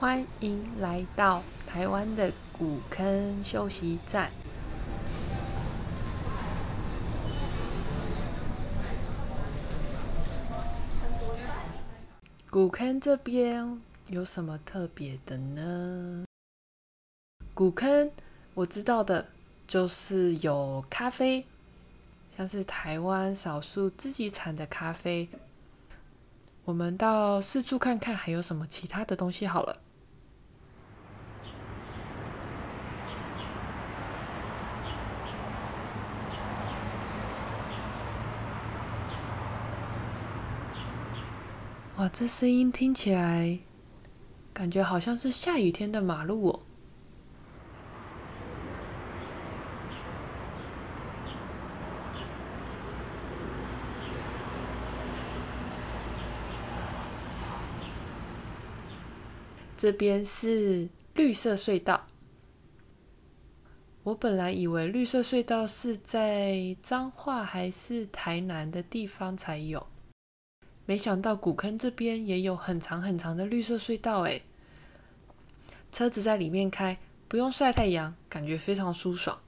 歡迎來到台灣的古坑休息站。古坑這邊有什麼特別的呢？古坑我知道的就是有咖啡，像是台灣少數自己產的咖啡。我們到四處看看還有什麼其他的東西好了。哇，這聲音聽起來感覺好像是下雨天的馬路哦。這邊是綠色隧道。我本來以為綠色隧道是在彰化還是台南的地方才有。沒想到古坑這邊也有很長很長的綠色隧道，哎，車子在裡面開，不用曬太陽，感覺非常舒爽。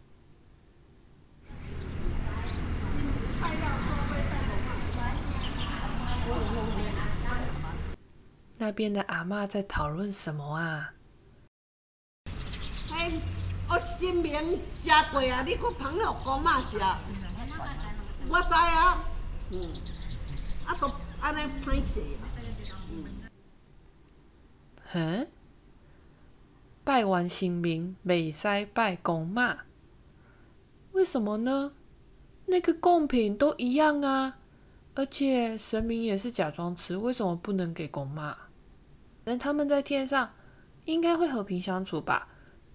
那邊的阿嬤在討論什麼啊？哎，我清明食過、嗯、啊，你過朋友公媽我知啊，啊嗯嗯、拜完神明，袂使拜公媽？為什麼呢？那個貢品都一樣啊，而且神明也是假裝吃，為什麼不能給公媽？那他們在天上，應該會和平相處吧？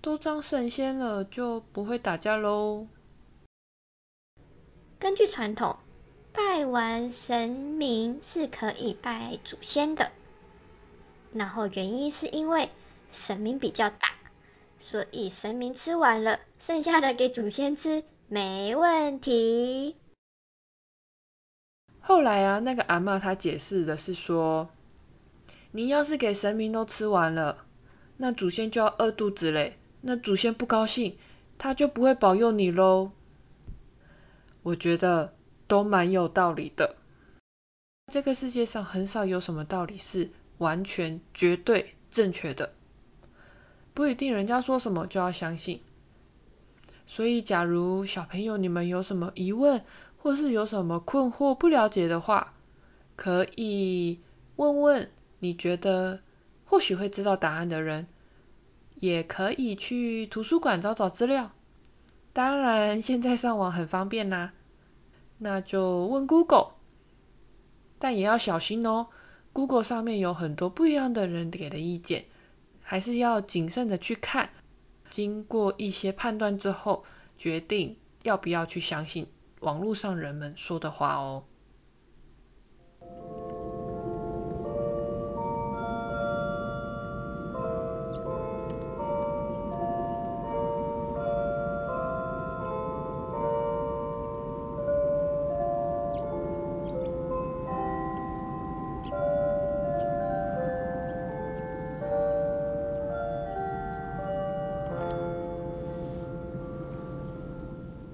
都當神仙了，就不會打架嘍？根據傳統。拜完神明是可以拜祖先的，然後原因是因為神明比較大，所以神明吃完了，剩下的給祖先吃，沒問題。後來啊，那個阿嬤她解釋的是說，你要是給神明都吃完了，那祖先就要餓肚子嘞，那祖先不高興，他就不會保佑你嘍。我覺得。都蠻有道理的。這個世界上很少有什麼道理是完全、絕對正確的，不一定人家說什麼就要相信。所以，假如小朋友你們有什麼疑問，或是有什麼困惑、不了解的話，可以問問你覺得或許會知道答案的人，也可以去圖書館找找資料。當然，現在上網很方便啦。那就問 Google，但也要小心哦。Google 上面有很多不一樣的人給的意見，還是要謹慎的去看。經過一些判斷之後，決定要不要去相信網絡上人們說的話哦。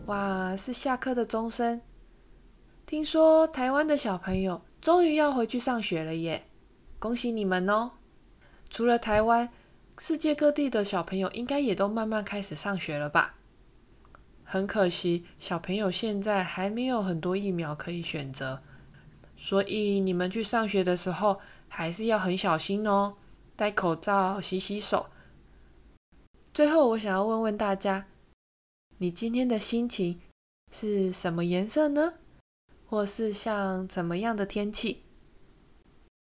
哇，是下課的鐘聲。聽說台灣的小朋友終於要回去上學了耶，恭喜你們哦！除了台灣，世界各地的小朋友應該也都慢慢開始上學了吧？很可惜，小朋友現在還沒有很多疫苗可以選擇，所以你們去上學的時候還是要很小心哦，戴口罩、洗洗手。最後，我想要問問大家。你今天的心情是什麼顏色呢？或是像怎麼樣的天氣？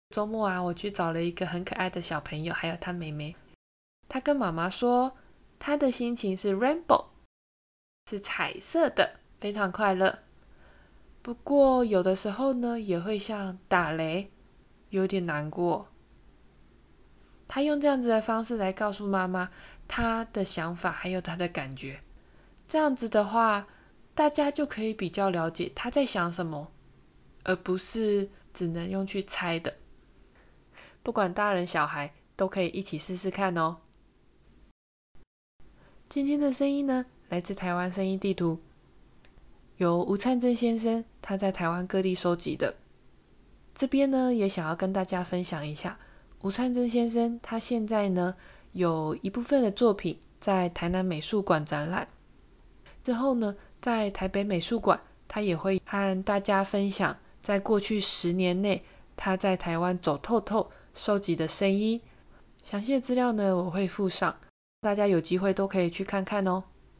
週末啊，我去找了一個很可愛的小朋友，還有他妹妹。他跟媽媽說，他的心情是 rainbow，是彩色的，非常快樂。不過有的時候呢，也會像打雷，有點難過。他用這樣子的方式來告訴媽媽，他的想法，還有他的感覺。這樣子的話，大家就可以比較了解他在想什麼，而不是只能用去猜的。不管大人小孩都可以一起試試看哦。今天的聲音呢，來自台灣聲音地圖，由吳燦珍先生他在台灣各地收集的。這邊呢，也想要跟大家分享一下，吳燦政先生他現在呢，有一部分的作品在台南美術館展覽。之後呢，在台北美術館，他也會和大家分享，在過去十年內他在台灣走透透收集的聲音。詳細的資料呢，我會附上，大家有機會都可以去看看哦。